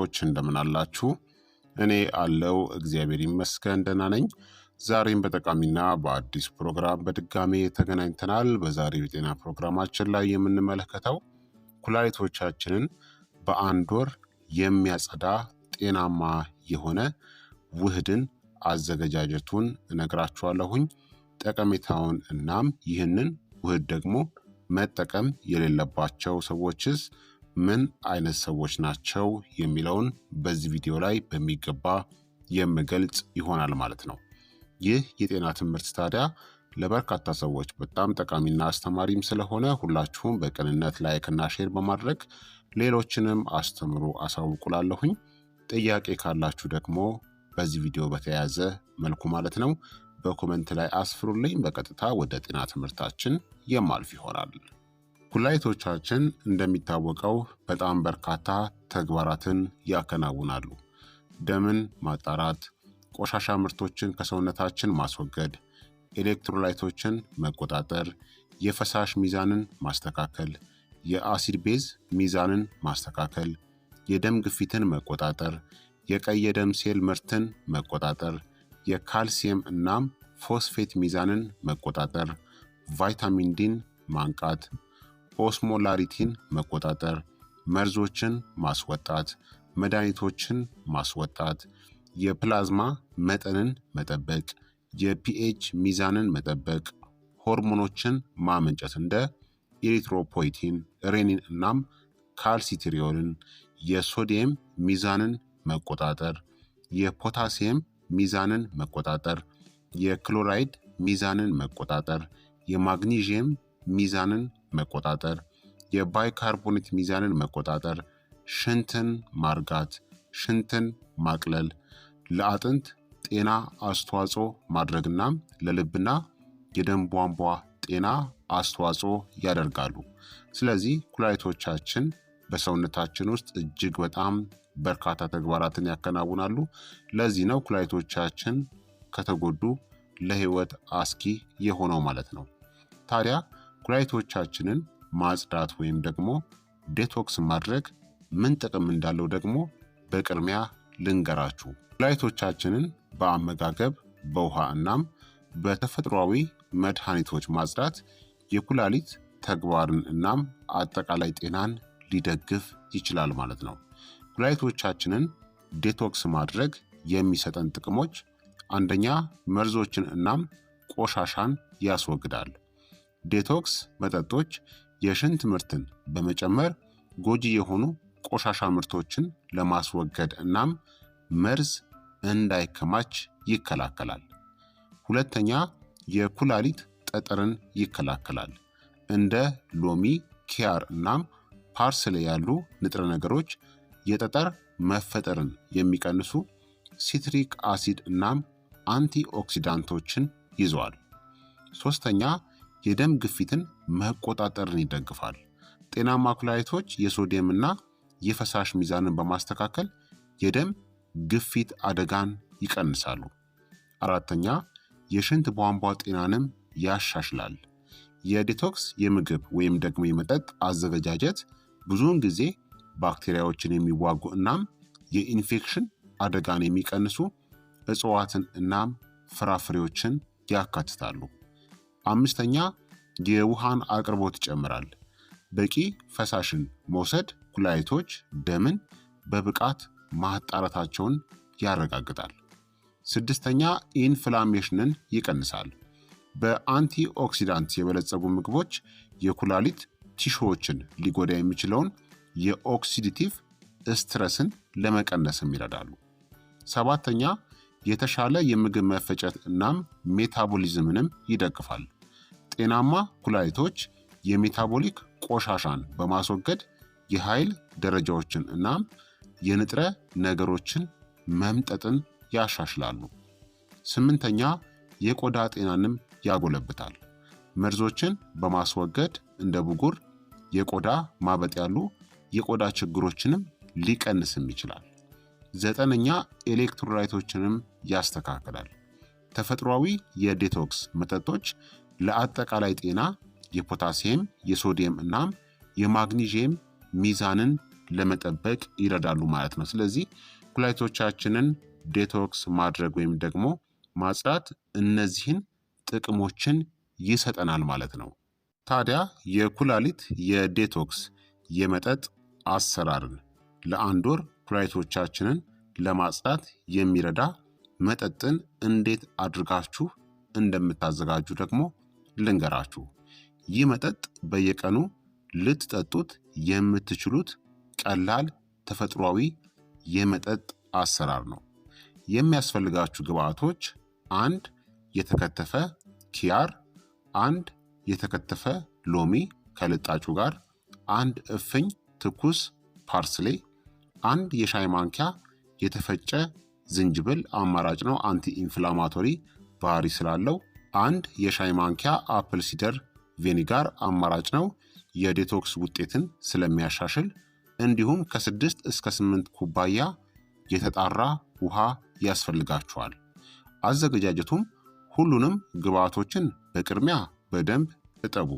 ቤተሰቦች እንደምን አላችሁ? እኔ አለው እግዚአብሔር ይመስገን ደህና ነኝ። ዛሬም በጠቃሚና በአዲስ ፕሮግራም በድጋሜ ተገናኝተናል። በዛሬው የጤና ፕሮግራማችን ላይ የምንመለከተው ኩላሊቶቻችንን በአንድ ወር የሚያጸዳ ጤናማ የሆነ ውህድን አዘገጃጀቱን እነግራችኋለሁኝ ጠቀሜታውን እናም ይህንን ውህድ ደግሞ መጠቀም የሌለባቸው ሰዎችስ ምን አይነት ሰዎች ናቸው የሚለውን በዚህ ቪዲዮ ላይ በሚገባ የምገልጽ ይሆናል ማለት ነው። ይህ የጤና ትምህርት ታዲያ ለበርካታ ሰዎች በጣም ጠቃሚና አስተማሪም ስለሆነ ሁላችሁም በቅንነት ላይክና ሼር በማድረግ ሌሎችንም አስተምሩ አሳውቁላለሁኝ። ጥያቄ ካላችሁ ደግሞ በዚህ ቪዲዮ በተያያዘ መልኩ ማለት ነው በኮመንት ላይ አስፍሩልኝ። በቀጥታ ወደ ጤና ትምህርታችን የማልፍ ይሆናል። ኩላሊቶቻችን እንደሚታወቀው በጣም በርካታ ተግባራትን ያከናውናሉ። ደምን ማጣራት፣ ቆሻሻ ምርቶችን ከሰውነታችን ማስወገድ፣ ኤሌክትሮላይቶችን መቆጣጠር፣ የፈሳሽ ሚዛንን ማስተካከል፣ የአሲድ ቤዝ ሚዛንን ማስተካከል፣ የደም ግፊትን መቆጣጠር፣ የቀይ የደም ሴል ምርትን መቆጣጠር፣ የካልሲየም እናም ፎስፌት ሚዛንን መቆጣጠር፣ ቫይታሚን ዲን ማንቃት ኦስሞላሪቲን መቆጣጠር፣ መርዞችን ማስወጣት፣ መድኃኒቶችን ማስወጣት፣ የፕላዝማ መጠንን መጠበቅ፣ የፒኤች ሚዛንን መጠበቅ፣ ሆርሞኖችን ማመንጨት እንደ ኢሪትሮፖይቲን፣ ሬኒን እናም ካልሲትሪዮልን፣ የሶዲየም ሚዛንን መቆጣጠር፣ የፖታሲየም ሚዛንን መቆጣጠር፣ የክሎራይድ ሚዛንን መቆጣጠር፣ የማግኒዥየም ሚዛንን መቆጣጠር፣ የባይካርቦኔት ሚዛንን መቆጣጠር፣ ሽንትን ማርጋት፣ ሽንትን ማቅለል፣ ለአጥንት ጤና አስተዋጽኦ ማድረግና ለልብና የደም ቧንቧ ጤና አስተዋጽኦ ያደርጋሉ። ስለዚህ ኩላሊቶቻችን በሰውነታችን ውስጥ እጅግ በጣም በርካታ ተግባራትን ያከናውናሉ። ለዚህ ነው ኩላሊቶቻችን ከተጎዱ ለህይወት አስጊ የሆነው ማለት ነው። ታዲያ ኩላሊቶቻችንን ማጽዳት ወይም ደግሞ ዴቶክስ ማድረግ ምን ጥቅም እንዳለው ደግሞ በቅድሚያ ልንገራችሁ። ኩላሊቶቻችንን በአመጋገብ በውሃ እናም በተፈጥሯዊ መድኃኒቶች ማጽዳት የኩላሊት ተግባርን እናም አጠቃላይ ጤናን ሊደግፍ ይችላል ማለት ነው። ኩላሊቶቻችንን ዴቶክስ ማድረግ የሚሰጠን ጥቅሞች አንደኛ መርዞችን እናም ቆሻሻን ያስወግዳል። ዴቶክስ መጠጦች የሽንት ምርትን በመጨመር ጎጂ የሆኑ ቆሻሻ ምርቶችን ለማስወገድ እናም መርዝ እንዳይከማች ይከላከላል። ሁለተኛ የኩላሊት ጠጠርን ይከላከላል። እንደ ሎሚ፣ ኪያር እናም ፓርስሌ ያሉ ንጥረ ነገሮች የጠጠር መፈጠርን የሚቀንሱ ሲትሪክ አሲድ እናም አንቲ ኦክሲዳንቶችን ይዘዋል። ሶስተኛ የደም ግፊትን መቆጣጠርን ይደግፋል። ጤናማ ኩላሊቶች የሶዲየምና የፈሳሽ ሚዛንን በማስተካከል የደም ግፊት አደጋን ይቀንሳሉ። አራተኛ የሽንት ቧንቧ ጤናንም ያሻሽላል። የዲቶክስ የምግብ ወይም ደግሞ የመጠጥ አዘገጃጀት ብዙውን ጊዜ ባክቴሪያዎችን የሚዋጉ እናም የኢንፌክሽን አደጋን የሚቀንሱ እጽዋትን እናም ፍራፍሬዎችን ያካትታሉ። አምስተኛ የውሃን አቅርቦት ይጨምራል። በቂ ፈሳሽን መውሰድ ኩላሊቶች ደምን በብቃት ማጣራታቸውን ያረጋግጣል። ስድስተኛ ኢንፍላሜሽንን ይቀንሳል። በአንቲ ኦክሲዳንት የበለጸጉ ምግቦች የኩላሊት ቲሾዎችን ሊጎዳ የሚችለውን የኦክሲዲቲቭ ስትረስን ለመቀነስም ይረዳሉ። ሰባተኛ የተሻለ የምግብ መፈጨት እናም ሜታቦሊዝምንም ይደግፋል። ጤናማ ኩላሊቶች የሜታቦሊክ ቆሻሻን በማስወገድ የኃይል ደረጃዎችን እናም የንጥረ ነገሮችን መምጠጥን ያሻሽላሉ። ስምንተኛ የቆዳ ጤናንም ያጎለብታል። መርዞችን በማስወገድ እንደ ብጉር፣ የቆዳ ማበጥ ያሉ የቆዳ ችግሮችንም ሊቀንስም ይችላል። ዘጠነኛ ኤሌክትሮላይቶችንም ያስተካክላል። ተፈጥሯዊ የዴቶክስ መጠጦች ለአጠቃላይ ጤና የፖታሲየም፣ የሶዲየም እናም የማግኒዥየም ሚዛንን ለመጠበቅ ይረዳሉ ማለት ነው። ስለዚህ ኩላሊቶቻችንን ዴቶክስ ማድረግ ወይም ደግሞ ማጽዳት እነዚህን ጥቅሞችን ይሰጠናል ማለት ነው። ታዲያ የኩላሊት የዴቶክስ የመጠጥ አሰራርን ለአንድ ወር ኩላሊቶቻችንን ለማጽዳት የሚረዳ መጠጥን እንዴት አድርጋችሁ እንደምታዘጋጁ ደግሞ ልንገራችሁ። ይህ መጠጥ በየቀኑ ልትጠጡት የምትችሉት ቀላል ተፈጥሯዊ የመጠጥ አሰራር ነው። የሚያስፈልጋችሁ ግብአቶች አንድ የተከተፈ ኪያር፣ አንድ የተከተፈ ሎሚ ከልጣጩ ጋር፣ አንድ እፍኝ ትኩስ ፓርስሌ፣ አንድ የሻይ ማንኪያ የተፈጨ ዝንጅብል አማራጭ ነው፣ አንቲ ኢንፍላማቶሪ ባህሪ ስላለው አንድ የሻይ ማንኪያ አፕል ሲደር ቬኒጋር አማራጭ ነው፣ የዴቶክስ ውጤትን ስለሚያሻሽል። እንዲሁም ከስድስት እስከ ስምንት ኩባያ የተጣራ ውሃ ያስፈልጋችኋል። አዘገጃጀቱም ሁሉንም ግብዓቶችን በቅድሚያ በደንብ እጠቡ።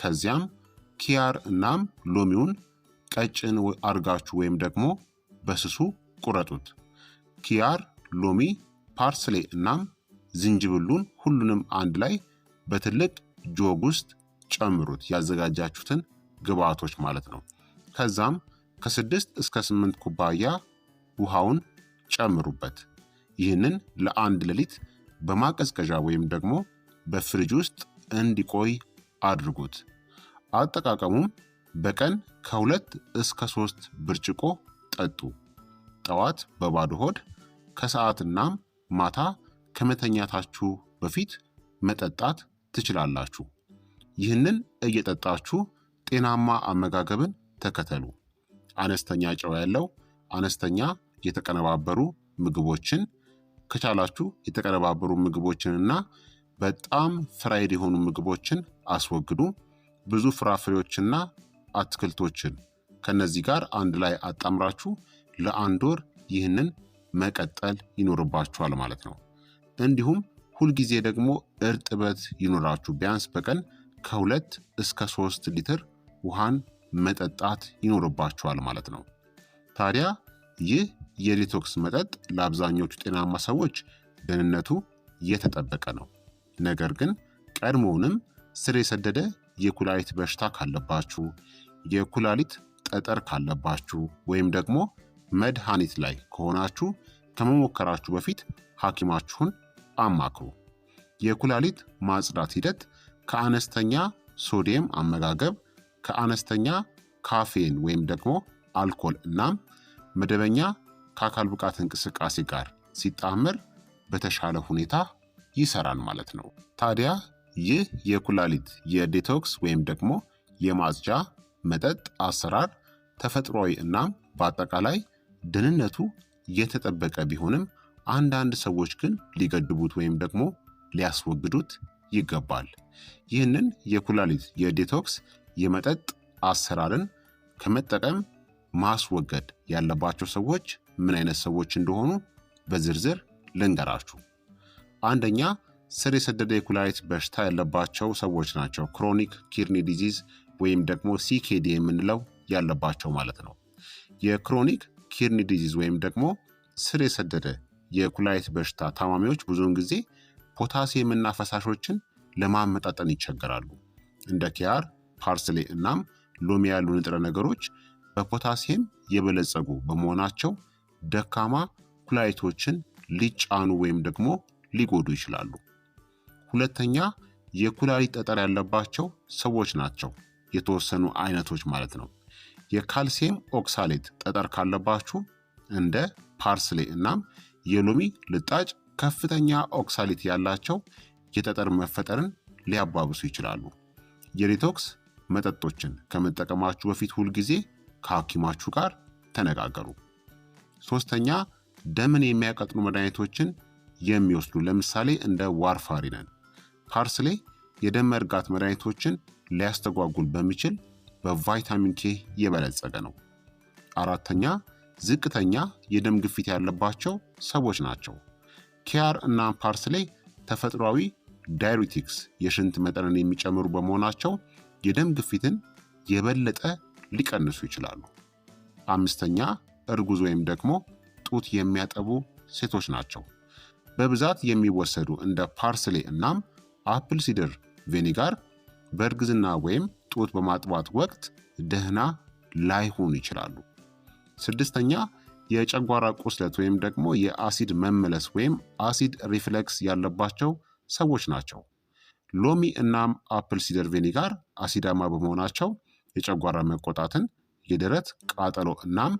ከዚያም ኪያር እናም ሎሚውን ቀጭን አድርጋችሁ ወይም ደግሞ በስሱ ቁረጡት። ኪያር፣ ሎሚ፣ ፓርስሌ እናም ዝንጅብሉን ሁሉንም አንድ ላይ በትልቅ ጆግ ውስጥ ጨምሩት፣ ያዘጋጃችሁትን ግብአቶች ማለት ነው። ከዛም ከስድስት እስከ ስምንት ኩባያ ውሃውን ጨምሩበት። ይህንን ለአንድ ሌሊት በማቀዝቀዣ ወይም ደግሞ በፍሪጅ ውስጥ እንዲቆይ አድርጉት። አጠቃቀሙም በቀን ከሁለት እስከ ሶስት ብርጭቆ ጠጡ። ጠዋት በባዶ ሆድ ከሰዓትናም ማታ ከመተኛታችሁ በፊት መጠጣት ትችላላችሁ። ይህንን እየጠጣችሁ ጤናማ አመጋገብን ተከተሉ። አነስተኛ ጨው ያለው አነስተኛ የተቀነባበሩ ምግቦችን ከቻላችሁ የተቀነባበሩ ምግቦችንና በጣም ፍራይድ የሆኑ ምግቦችን አስወግዱ። ብዙ ፍራፍሬዎችና አትክልቶችን ከነዚህ ጋር አንድ ላይ አጣምራችሁ ለአንድ ወር ይህንን መቀጠል ይኖርባችኋል ማለት ነው። እንዲሁም ሁልጊዜ ደግሞ እርጥበት ይኖራችሁ ቢያንስ በቀን ከሁለት እስከ ሶስት ሊትር ውሃን መጠጣት ይኖርባችኋል ማለት ነው። ታዲያ ይህ የዲቶክስ መጠጥ ለአብዛኞቹ ጤናማ ሰዎች ደህንነቱ የተጠበቀ ነው። ነገር ግን ቀድሞውንም ስር የሰደደ የኩላሊት በሽታ ካለባችሁ፣ የኩላሊት ጠጠር ካለባችሁ ወይም ደግሞ መድኃኒት ላይ ከሆናችሁ ከመሞከራችሁ በፊት ሐኪማችሁን አማክሩ። የኩላሊት ማጽዳት ሂደት ከአነስተኛ ሶዲየም አመጋገብ፣ ከአነስተኛ ካፌን ወይም ደግሞ አልኮል እናም መደበኛ ከአካል ብቃት እንቅስቃሴ ጋር ሲጣመር በተሻለ ሁኔታ ይሰራል ማለት ነው። ታዲያ ይህ የኩላሊት የዴቶክስ ወይም ደግሞ የማጽጃ መጠጥ አሰራር ተፈጥሯዊ እናም በአጠቃላይ ደህንነቱ የተጠበቀ ቢሆንም አንዳንድ ሰዎች ግን ሊገድቡት ወይም ደግሞ ሊያስወግዱት ይገባል። ይህንን የኩላሊት የዴቶክስ የመጠጥ አሰራርን ከመጠቀም ማስወገድ ያለባቸው ሰዎች ምን አይነት ሰዎች እንደሆኑ በዝርዝር ልንገራችሁ። አንደኛ ስር የሰደደ የኩላሊት በሽታ ያለባቸው ሰዎች ናቸው። ክሮኒክ ኪርኒ ዲዚዝ ወይም ደግሞ ሲኬዲ የምንለው ያለባቸው ማለት ነው። የክሮኒክ ኪርኒ ዲዚዝ ወይም ደግሞ ስር የሰደደ የኩላሊት በሽታ ታማሚዎች ብዙውን ጊዜ ፖታሲየምና ፈሳሾችን ለማመጣጠን ይቸገራሉ። እንደ ኪያር፣ ፓርስሌ እናም ሎሚ ያሉ ንጥረ ነገሮች በፖታሲየም የበለጸጉ በመሆናቸው ደካማ ኩላሊቶችን ሊጫኑ ወይም ደግሞ ሊጎዱ ይችላሉ። ሁለተኛ የኩላሊት ጠጠር ያለባቸው ሰዎች ናቸው። የተወሰኑ አይነቶች ማለት ነው። የካልሲየም ኦክሳሌት ጠጠር ካለባችሁ እንደ ፓርስሌ እናም የሎሚ ልጣጭ ከፍተኛ ኦክሳሊት ያላቸው የጠጠር መፈጠርን ሊያባብሱ ይችላሉ። የዲቶክስ መጠጦችን ከመጠቀማችሁ በፊት ሁልጊዜ ከሐኪማችሁ ጋር ተነጋገሩ። ሶስተኛ ደምን የሚያቀጥኑ መድኃኒቶችን የሚወስዱ ለምሳሌ እንደ ዋርፋሪነን፣ ፓርስሌ የደም መርጋት መድኃኒቶችን ሊያስተጓጉል በሚችል በቫይታሚን ኬ የበለጸገ ነው። አራተኛ ዝቅተኛ የደም ግፊት ያለባቸው ሰዎች ናቸው። ኪያር እና ፓርስሌ ተፈጥሯዊ ዳይሪቲክስ የሽንት መጠንን የሚጨምሩ በመሆናቸው የደም ግፊትን የበለጠ ሊቀንሱ ይችላሉ። አምስተኛ እርጉዝ ወይም ደግሞ ጡት የሚያጠቡ ሴቶች ናቸው። በብዛት የሚወሰዱ እንደ ፓርስሌ እናም አፕል ሲደር ቬኒጋር በእርግዝና ወይም ጡት በማጥባት ወቅት ደህና ላይሆኑ ይችላሉ። ስድስተኛ የጨጓራ ቁስለት ወይም ደግሞ የአሲድ መመለስ ወይም አሲድ ሪፍለክስ ያለባቸው ሰዎች ናቸው። ሎሚ እናም አፕል ሲደር ጋር አሲዳማ በመሆናቸው የጨጓራ መቆጣትን፣ የደረት ቃጠሎ እናም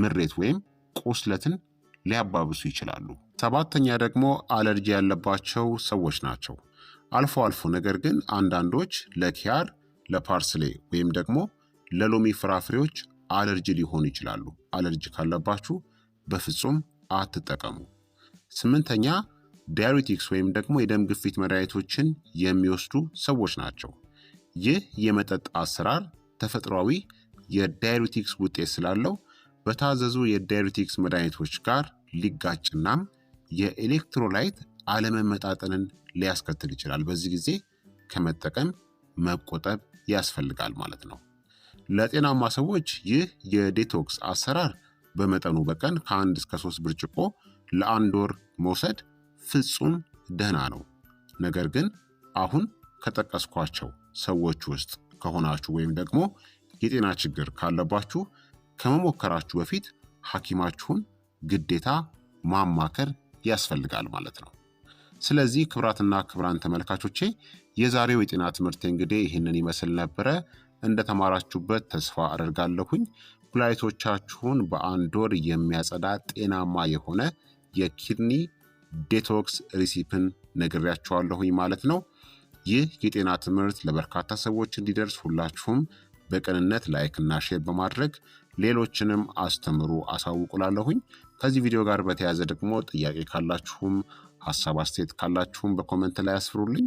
ምሬት ወይም ቁስለትን ሊያባብሱ ይችላሉ። ሰባተኛ ደግሞ አለርጂ ያለባቸው ሰዎች ናቸው። አልፎ አልፎ ነገር ግን አንዳንዶች ለኪያር፣ ለፓርስሌ ወይም ደግሞ ለሎሚ ፍራፍሬዎች አለርጂ ሊሆኑ ይችላሉ። አለርጂ ካለባችሁ በፍጹም አትጠቀሙ። ስምንተኛ ዳዩሪቲክስ ወይም ደግሞ የደም ግፊት መድኃኒቶችን የሚወስዱ ሰዎች ናቸው። ይህ የመጠጥ አሰራር ተፈጥሯዊ የዳዩሪቲክስ ውጤት ስላለው በታዘዙ የዳዩሪቲክስ መድኃኒቶች ጋር ሊጋጭናም የኤሌክትሮላይት አለመመጣጠንን ሊያስከትል ይችላል። በዚህ ጊዜ ከመጠቀም መቆጠብ ያስፈልጋል ማለት ነው። ለጤናማ ሰዎች ይህ የዴቶክስ አሰራር በመጠኑ በቀን ከአንድ እስከ ሶስት ብርጭቆ ለአንድ ወር መውሰድ ፍጹም ደህና ነው። ነገር ግን አሁን ከጠቀስኳቸው ሰዎች ውስጥ ከሆናችሁ ወይም ደግሞ የጤና ችግር ካለባችሁ ከመሞከራችሁ በፊት ሐኪማችሁን ግዴታ ማማከር ያስፈልጋል ማለት ነው። ስለዚህ ክብራትና ክብራን ተመልካቾቼ የዛሬው የጤና ትምህርት እንግዲህ ይህንን ይመስል ነበረ። እንደተማራችሁበት ተስፋ አደርጋለሁኝ። ኩላሊቶቻችሁን በአንድ ወር የሚያጸዳ ጤናማ የሆነ የኪድኒ ዴቶክስ ሪሲፕን ነግሬያችኋለሁኝ ማለት ነው። ይህ የጤና ትምህርት ለበርካታ ሰዎች እንዲደርስ ሁላችሁም በቅንነት እና ሼር በማድረግ ሌሎችንም አስተምሩ አሳውቁላለሁኝ። ከዚህ ቪዲዮ ጋር በተያያዘ ደግሞ ጥያቄ ካላችሁም ሀሳብ አስተያየት ካላችሁም በኮመንት ላይ ያስፍሩልኝ።